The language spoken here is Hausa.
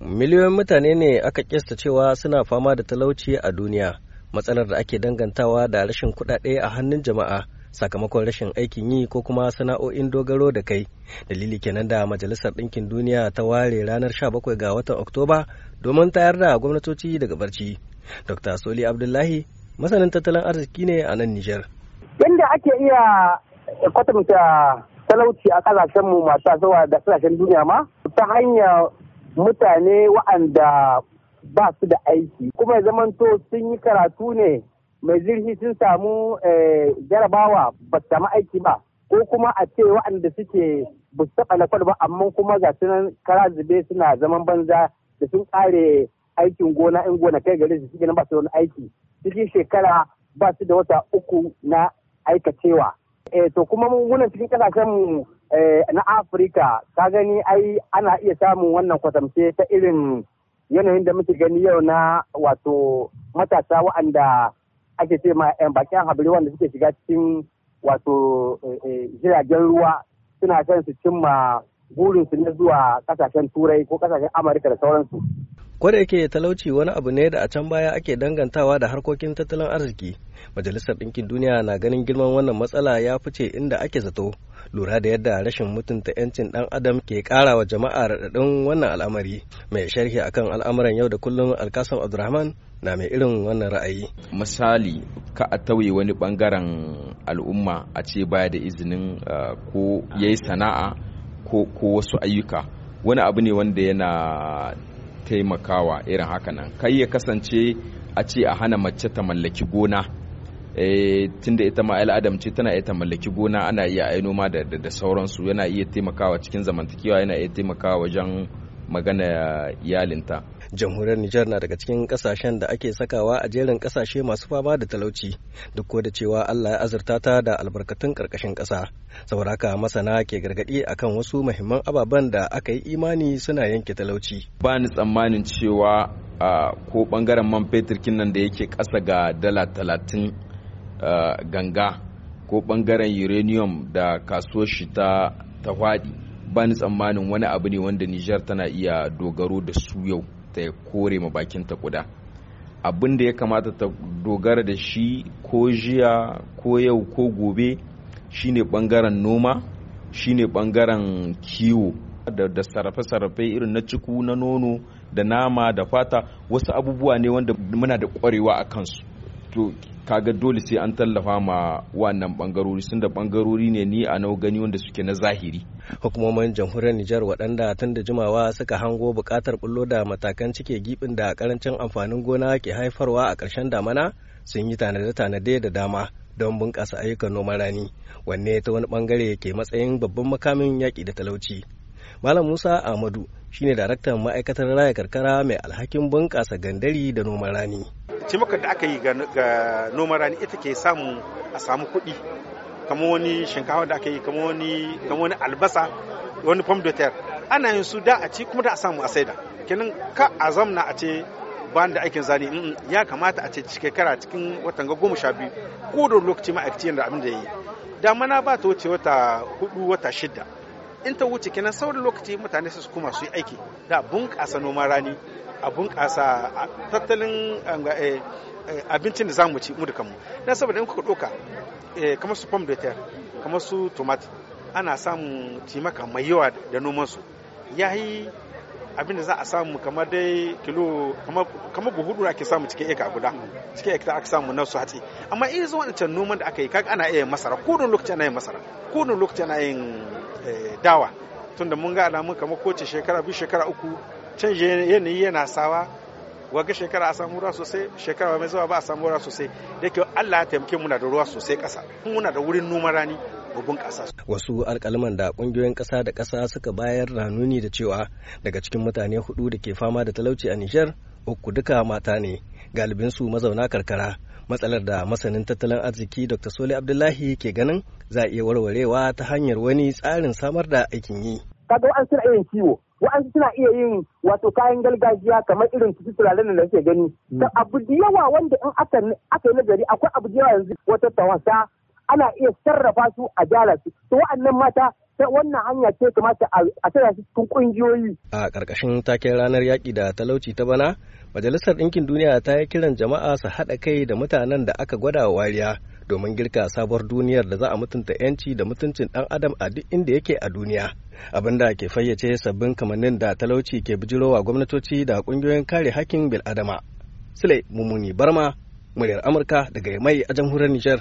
Miliyoyin mutane ne aka kista cewa suna fama da talauci a duniya, matsalar da ake dangantawa da rashin kuɗaɗe a hannun jama'a sakamakon rashin aikin yi ko kuma sana'o'in dogaro da kai. Dalili kenan da Majalisar Ɗinkin Duniya ta ware ranar 17 ga watan Oktoba domin tayar da gwamnatoci daga barci. Dr. Soli Abdullahi, masanin tattalin arziki ne a nan Nijar. inda ake iya kwatanta talauci a kasashenmu masu zuwa da kasashen duniya ma ta hanyar mutane wa'anda ba su da aiki kuma zamanto sun yi karatu ne mai zirhi sun samu eh, jarabawa ba su samu aiki ba ko kuma a ce waɗanda suke ba su taɓa lakwal ba amma kuma ga su nan kara zube suna zaman banza da sun ƙare aikin gona in gona kai gare su suke nan ba su wani aiki cikin shekara ba su da wata uku na aikacewa. Eh, to kuma mun cikin ƙasashen mu Eh, na Afirka ka gani ai ana iya samun wannan kwatamce ta irin yanayin da muke gani yau na wato matasa wa'anda ake ce ma yan eh, bakin habiri wanda suke shiga cikin wato eh, jiragen ruwa suna san su cimma burinsu na zuwa kasashen turai ko kasashen amurka da sauransu da yake talauci wani abu ne da a can baya ake dangantawa da harkokin tattalin arziki majalisar ɗinkin duniya na ganin girman wannan matsala ya fice inda ake zato lura da yadda rashin mutunta 'yancin ɗan adam ke ƙara wa jama'a raɗaɗin wannan al'amari mai sharhi akan al'amuran yau da kullum alkasan abdurrahman na mai irin wannan ra'ayi misali ka a tauye wani bangaren al'umma a ce baya da izinin ko yayi sana'a ko wasu ayyuka wani abu ne wanda yana taimakawa irin haka nan kai ya kasance a ce a hana mace ta mallaki gona eh, tunda ita ma adam ce tana ta mallaki gona ana iya ai noma da, da, sauransu yana iya taimakawa cikin zamantakewa yana iya taimakawa wajen magana eh, iyalinta jamhuriyar Nijar na daga cikin kasashen da ake sakawa a jerin kasashe masu fama da talauci duk da cewa Allah ya azurta ta da albarkatun karkashin kasa sauraka masana ke gargadi akan wasu mahimman ababen da aka yi imani suna yanke talauci ba ni tsammanin cewa ko bangaren man fetur kinnan da yake kasa ga dala talatin ganga ko bangaren uranium da kasuwar shi ta ta ba ni tsammanin wani abu ne wanda Nijar tana iya dogaro da su yau ta kore ma bakin ta kuda abin da ya kamata ta dogara da shi ko jiya ko yau ko gobe shine bangaren noma shine bangaren kiwo da sarrafe-sarrafe irin na ciku na nono da nama da fata wasu abubuwa ne wanda muna da kwarewa a kansu to kaga dole sai an tallafa ma wannan bangarori sun da bangarori ne ni a nau gani wanda suke na zahiri hukumomin jamhuriyar Nijar waɗanda tun da jimawa suka hango buƙatar bullo da matakan cike gibin da karancin amfanin gona ke haifarwa a ƙarshen damana sun yi tanade-tanade da dama don bunƙasa ayyukan noman rani wanne ta wani bangare ke matsayin babban makamin yaƙi da talauci malam musa ahmadu shine daraktan ma'aikatar raya karkara mai alhakin bunƙasa gandari da noman rani taimakon da aka yi ga noman rani ita ke samu a samu kuɗi kama wani shinkafa da aka yi kama wani wani albasa wani pom de terre ana yin su da a ci kuma da a samu a saida kenan ka a zamna a ce ban da aikin zani mm, mm, ya kamata a ce a cikin watan ga goma sha biyu ko da lokaci ma'aikaci da abin da ya yi mana ba ta wuce wata hudu wata shida in ta wuce kenan sauran lokaci mutane su kuma su yi aiki da bunƙasa noman rani a bunƙasa tattalin eh, eh, abincin da zamu ci mu da kanmu na saboda in kuka ɗauka eh, kamar su pom de kamar su tomat ana samun cimaka mai yawa da noman su yi. abin da za a samu kamar dai kilo kamar buhu dura ke samu cikin eka guda cikin eka aka samu na su hatsi amma in zuwa can noman da aka yi kaga ana iya masara kodin lokaci ana yin masara kodin lokaci ana yin eh, dawa tunda mun ga alamun kamar kowace shekara biyu shekara uku canje yanayi yana sawa wagga shekara a samu ruwa sosai shekara mai zuwa ba a samu ruwa sosai da ke Allah ya taimake muna da ruwa sosai ƙasa muna da wurin noman rani babban kasa Wasu alƙalman da ƙungiyoyin ƙasa da kasa suka bayar na nuni da cewa daga cikin mutane hudu da ke fama da talauci a Nijar uku duka mata ne galibinsu mazauna karkara matsalar da masanin tattalin arziki Dr. Sole Abdullahi ke ganin za a iya warwarewa ta hanyar wani tsarin samar da aikin yi. kaga wa'ansu suna iya yin kiwo wa'ansu suna iya yin wato kayan gargajiya kamar irin su turaren da suke gani Da hmm. abu da yawa wanda in aka aka yi nazari akwai abu da yawa yanzu wata tawasa ana iya sarrafa su a jala su to wa'annan mata ta wannan hanya ce kamata a tara su cikin kungiyoyi a karkashin taken ranar yaƙi da talauci ta bana majalisar ɗinkin duniya ta yi kiran jama'a su haɗa kai da mutanen da aka gwada wariya domin girka sabuwar duniyar da za a mutunta 'yanci da mutuncin dan adam a duk inda yake a duniya abin da ke fayyace sabbin kamannin da talauci ke bijirowa gwamnatoci da kungiyoyin kare hakkin bil'adama sule mummuni barma muryar amurka daga mai a jamhuriyar nijar